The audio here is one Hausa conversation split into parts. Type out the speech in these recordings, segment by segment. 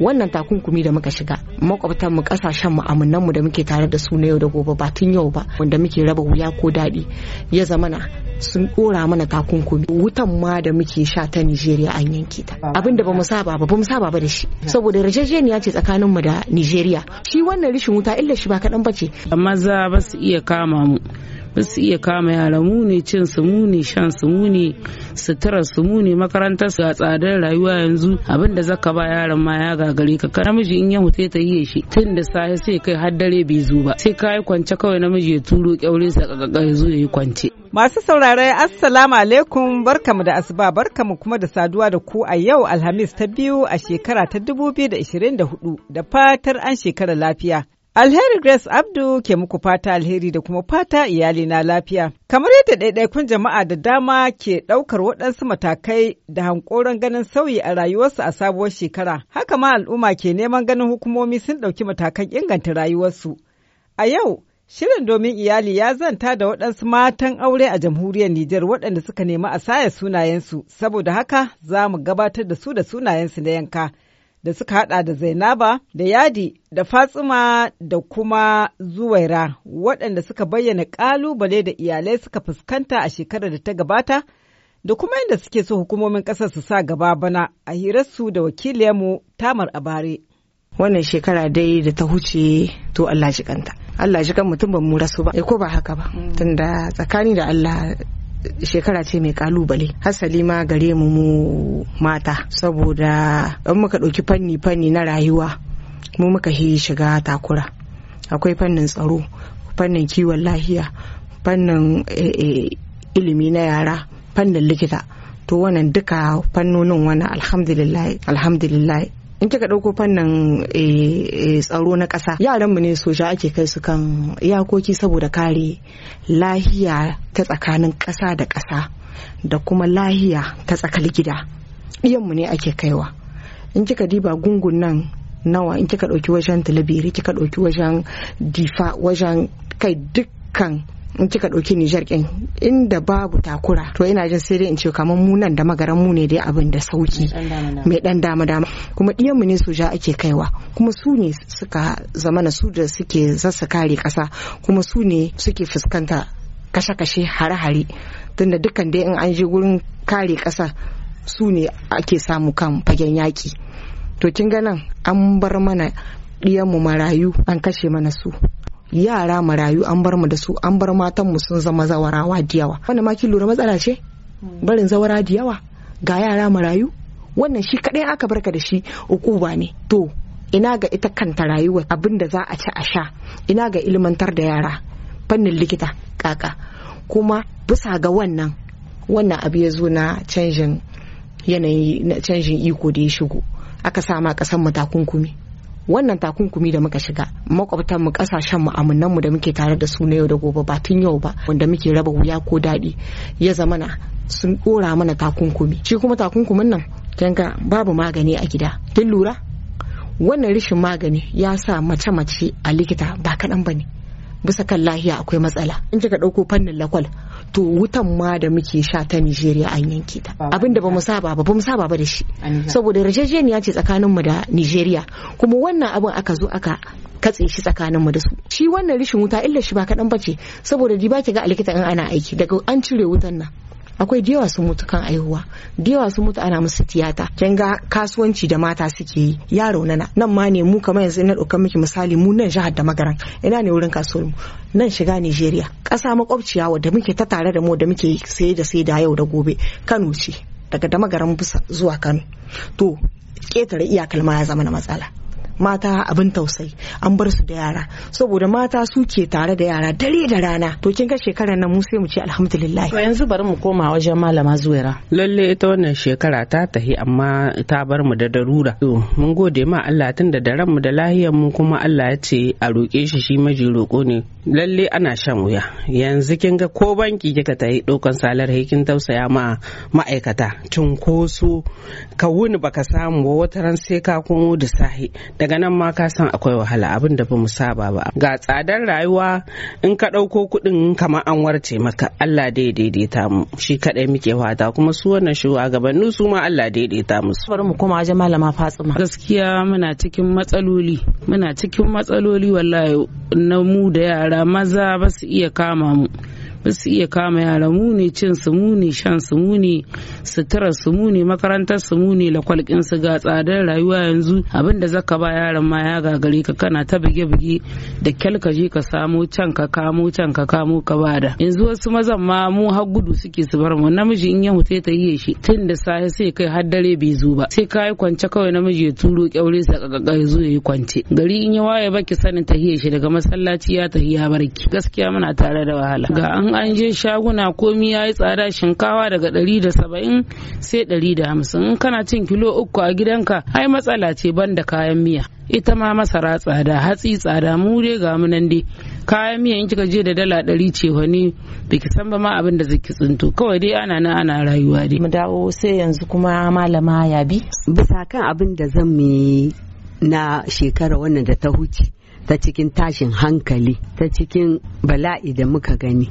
wannan takunkumi da muka shiga makwabtan mu kasashen mu amunan mu da muke tare da su na yau da gobe ba tun yau ba wanda muke raba wuya ko daɗi ya zamana sun dora mana takunkumi wutan ma da muke sha ta Nigeria an yanke ta abin da bamu saba ba bamu saba ba da shi saboda rajajeniya ce tsakanin mu da Nigeria shi wannan rishin wuta illa shi ba kadan bace maza ba su iya kama mu ba su iya kama yara mu ne cin su mu ne shan su mu ne sutura su mu ne makarantar su a tsadar rayuwa yanzu abin da zaka ba yaran ma ya a gare ka ka namiji in ya mutu ta yi shi tun da safe sai kai har dare bai zo ba sai kai kwance kawai namiji ya turo kyaure sa kaka ya zo ya yi kwance Masu saurare Assalamu alaikum barkamu da asuba barkamu kuma da saduwa da ku a yau Alhamis ta biyu a shekara ta 2024 da fatar an shekara lafiya. Alheri Grace Abdu ke muku fata alheri da kuma fata iyali na lafiya. Kamar yadda ɗaiɗaikun jama'a da dama ke ɗaukar waɗansu matakai da hankoron ganin sauyi a rayuwarsu a sabuwar shekara, haka ma al'umma ke neman ganin hukumomi sun ɗauki matakan inganta rayuwarsu. A yau, shirin domin iyali ya zanta da waɗansu matan aure a jamhuriyar Nijar waɗanda suka nemi a saya sunayensu, saboda haka za mu gabatar da su da sunayensu na yanka. da suka hada da Zainaba da Yadi da Fatsima da kuma Zuwaira waɗanda suka bayyana ƙalubale da iyalai suka fuskanta a shekarar da ta gabata da kuma yadda suke so hukumomin ƙasar su sa gaba bana a hirarsu da wakiliyarmu Tamar Abare. Wannan shekara dai da ta huce to Allah kanta Allah shi kan mutum ba mu rasu ba eh, ko ba haka ba mm. tunda tsakani da Allah shekara ce mai kalubale hasali ma gare mu mu mata saboda in muka ɗauki fanni fanni na rayuwa mu muka hi shiga takura akwai fannin tsaro fannin kiwon lahiya fannin eh, eh, ilimi na yara fannin likita to wannan duka fannonin wannan alhamdulillah alhamdulillah in kika ɗauko fannin eh, eh, tsaro na ƙasa yaranmu ne soja ake kai su kan iyakoki saboda kare lahiya ta tsakanin ƙasa da ƙasa da kuma lahiya ta tsakar gida mu ne ake kaiwa in kika diba gungun nan nawa in kika ɗauki wajen talabiri kika ɗauki wajen difa wajen kai dukkan in kika ɗauki Nijar ɗin inda babu takura to ina jin sai dai in ce kamar mu nan da magaran mu ne dai abin da sauki mai ɗan dama dama kuma ɗiyanmu ne su ja ake kaiwa kuma su ne suka zamana su da suke zasa kare ƙasa kuma su ne suke fuskanta kashe-kashe hare-hare tunda dukkan dai in an je gurin kare kasa su ne ake samu kan fagen yaƙi to kin ga nan an bar mana ɗiyanmu marayu an kashe mana su yara marayu an bar mu da su an bar matan mu sun zama zawarawa da yawa wannan ma kin lura matsala ce hmm. barin zawara diyawa? ga yara marayu wannan shi kadai aka barka da shi ukuba ne to ina ga ita kanta rayuwa abin da za a ci a sha ina ga ilmantar da yara fannin likita kaka kuma bisa ga wannan wannan abu ya zo na canjin yanayi na canjin iko da ya shigo aka sama kasan mu takunkumi wannan takunkumi da muka shiga makwabtan mu kasashen mu amunan mu da muke tare da su na yau da gobe ba tun yau ba wanda muke raba wuya ko daɗi ya zamana sun dora mana takunkumi shi kuma takunkumin nan kanka babu magani a gida kin lura wannan rashin magani ya sa mace-mace a likita ba kaɗan ba ne bisa kan lahiya akwai matsala in kika ɗauko fannin lakwal to wutan ma da muke sha ta Nijeriya an yanke ta abin da bamu saba ba mu saba ba da shi saboda ya ce tsakanin mu da Nijeriya kuma wannan abin aka zo aka katse shi tsakanin mu da su shi wannan rishin wuta illa shi ba kadan bace saboda di ba ki ga a in ana aiki daga an cire wutan nan akwai da yawa sun mutu kan aihuwa da yawa sun mutu ana musu tiyata kin ga kasuwanci da mata suke yi yaro nana nan ma ne mu kamar yanzu na dokan miki misali mu nan jihar da magaran ina ne wurin kasuwar mu nan shiga Nigeria ƙasa makwabciya wadda muke ta tare da mu da muke saye da sai da yau da gobe Kano ce daga da magaran zuwa Kano to ketare iyakar ma ya zama na matsala mata abin tausayi an bar su da yara saboda mata suke tare da yara dare da rana to kin ga shekarar nan mu sai mu ce alhamdulillah to yanzu bari mu koma wajen malama zuwaira lalle ita wannan shekara ta tahi amma ta bar mu da darura to mun gode ma Allah tunda da daren mu da lahiyar mu kuma Allah ya ce a roke shi shi maji roƙo ne lalle ana shan wuya yanzu kin ga ko banki kika ta yi dokan salar kin tausaya ma ma'aikata cunkoso ka wuni baka samu ba wata ran sai ka komo da sahi daga nan ma ka san akwai wahala abin da bamu saba ba ga tsadar rayuwa in ka ɗauko kuɗin kamar an warce maka Allah dai daidaita mu shi kaɗai muke fata kuma su wannan shugabannin su ma Allah daidaita musu bari mu koma aje malama Fatsima gaskiya muna cikin matsaloli muna cikin matsaloli wallahi na mu da yara maza ba su iya kama mu ba su iya kama yara muni cin su muni shan su muni sutura su muni makarantar su muni lakwalkin su ga tsadar rayuwa yanzu abin da zaka ba yaran ma ya gagare ka kana ta bige-bige da kyal ka je ka samo can ka kamo can ka kamo ka bada yanzu wasu mazan ma mu har gudu suke su bar mu namiji in ya hute ta yi shi tun da safe sai kai har dare bai zo ba sai ka kwance kawai namiji ya turo kyaure sa ka ya zo ya yi kwance gari in ya waye baki sanin yi shi daga masallaci ya ya barki gaskiya muna tare da wahala ga an an je shaguna komi ya yi tsada shinkawa daga ɗari da saba'in sai ɗari da hamsin in kana cin kilo uku a gidanka ai matsala ce ban da kayan miya ita ma masara tsada hatsi tsada mu dai ga mu nan dai kayan miya in kika je da dala ɗari ce wani biki san ba ma abin da zaki tsinto kawai dai ana nan ana rayuwa dai mu dawo sai yanzu kuma malama ya bi. bisa kan abin da zan mu na shekara wannan da ta huce ta cikin tashin hankali ta cikin bala'i da muka gani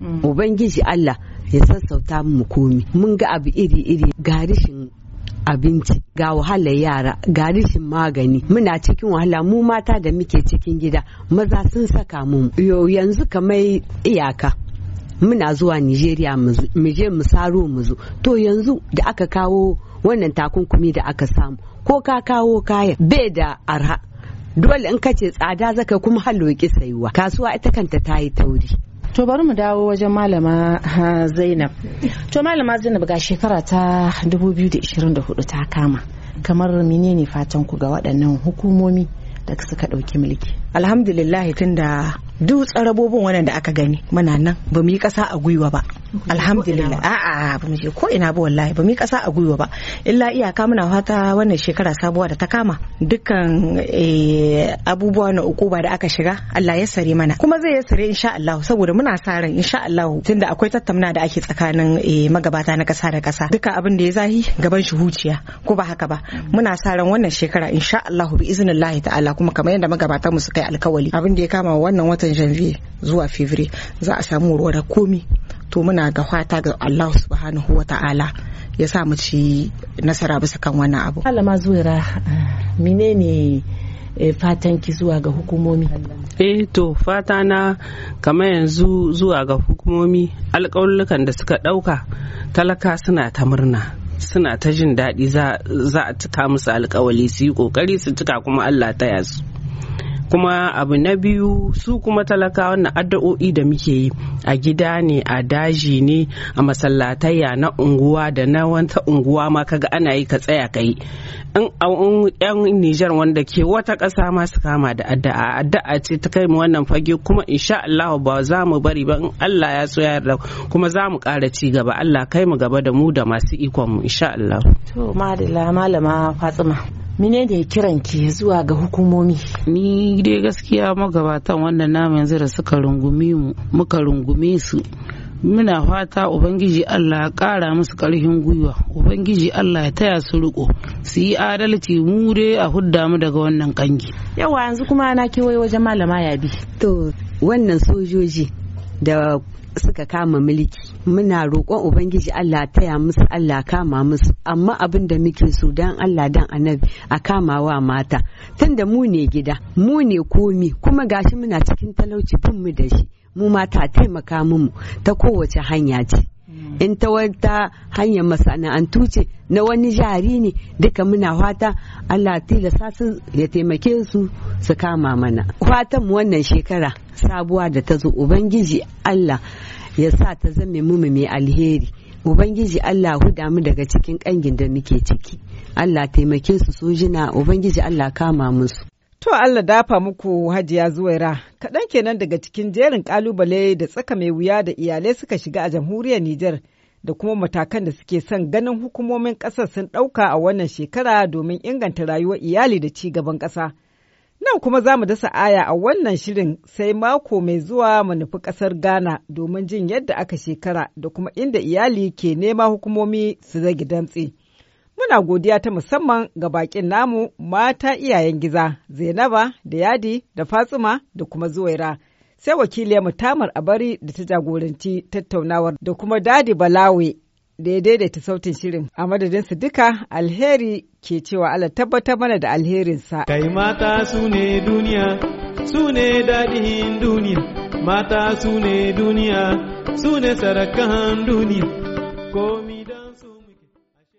Mm. ubangiji Allah ya sassauta mu komi mun ga abu iri-iri ga rishin abinci ga wahalar yara ga rishin magani muna cikin wahala mu mata da muke cikin gida maza sun saka mu yanzu kamar iyaka muna zuwa nigeria mu je mu saro mu zo to yanzu da aka kawo wannan takunkumi da aka samu ko ka kawo kayan bai da arha dole in ka ce tsada zaka kuma halloki sayuwa kasuwa ita kanta ta yi tauri to bari mu dawo wajen malama zainab to malama zainab ga shekara ta 2024 ta kama kamar menene fatan ku ga waɗannan hukumomi da suka ɗauki mulki alhamdulillah da. duk tsarabobin wannan da aka gani muna nan ba mu yi kasa a gwiwa ba alhamdulillah a'a ba mu je ko ina ba wallahi ba mu yi kasa a gwiwa ba illa iyaka muna fata wannan shekara sabuwa da ta kama dukkan eh, abubuwa na ukuba da aka shiga Allah ya sare mana kuma zai ya sare insha Allah saboda muna sa ran insha Allah tunda akwai tattauna da ake tsakanin eh, magabata na kasa da kasa duka abin da ya zahi gaban shi huciya ko ba haka ba muna sa ran wannan shekara insha Allah bi iznillahi ta'ala kuma kamar yadda magabatan mu suka yi alkawali abin da ya kama wannan wata watan janvier zuwa fevri za a samu warware komi to muna ga fata ga Allah subhanahu wa ta'ala ya sa mu ci nasara bisa kan wannan abu malama zuwa menene eh, fatan ki zuwa ga hukumomi eh to fata na kamar yanzu zuwa ga hukumomi alƙawullukan da suka ɗauka talaka suna ta murna suna ta jin daɗi za a cika musu alƙawali su yi ƙoƙari su cika kuma allah ta yasu kuma abu na biyu su kuma talakawa na addu'o'i da muke yi a gida ne a daji ne a masallatayya na unguwa da na wata unguwa ma kaga ana yi ka tsaya kai in yan Nijar wanda ke wata ƙasa ma su kama da addu'a addu'a ce ta kai mu wannan fage kuma insha Allah ba za mu bari ba in Allah ya so ya yarda kuma za mu ƙara ci gaba Allah kai mu gaba da mu da masu ikon mu insha Allah to malama Fatima mine ya kiran ki zuwa ga hukumomi ni dai gaskiya magabatan wannan namu yanzu da suka rungumi mu muka rungume su muna fata ubangiji allah ya kara musu karfin gwiwa ubangiji allah ya taya su riko su yi adalci mu dai a hudda mu daga wannan kangi yawa yanzu kuma na kewaye wajen malama yabi to wannan sojoji da suka kama mulki muna roƙon ubangiji Allah taya musu Allah kama musu amma abin da muke so dan Allah dan annabi a wa mata tunda mu ne gida mu ne komi kuma gashi muna cikin talauci bin mu da shi mu mata taimaka mu ta kowace hanya ce in ta wata hanyar masana'antu ce na wani jari ne duka muna fata Allah tilasta su ya taimake su su kama mana fatan mu wannan shekara sabuwa da ta zo ubangiji allah ya sa ta zame mumu mai alheri ubangiji allah huda mu daga cikin kangin da muke ciki allah taimake su sojina ubangiji allah kama musu To Allah dafa muku hajiya zuwaira kaɗan kenan daga cikin jerin ƙalubale da tsaka mai wuya da iyalai suka shiga a jamhuriyar Nijar da kuma matakan da suke son ganin hukumomin ƙasar sun ɗauka a wannan shekara domin inganta rayuwar iyali da ci gaban ƙasa. Nan kuma za mu dasa aya a wannan shirin sai mako mai zuwa manufi nufi ƙasar Ghana domin jin yadda aka shekara da kuma inda iyali ke nema hukumomi su zagi dantse. Muna godiya ta musamman ga baƙin namu mata iyayen giza, Zainaba da Yadi da Fatsuma da kuma Zuwaira. Sai wakiliyar mutamar a bari da ta jagoranci tattaunawar da kuma Dadi Balawe da ta sautin shirin a madadinsa duka alheri ke cewa Allah tabbatar mana da alherinsa. Kai mata su ne duniya, su ne daɗin duniya, mata su ne duniya, su ne sarakan duniya, komi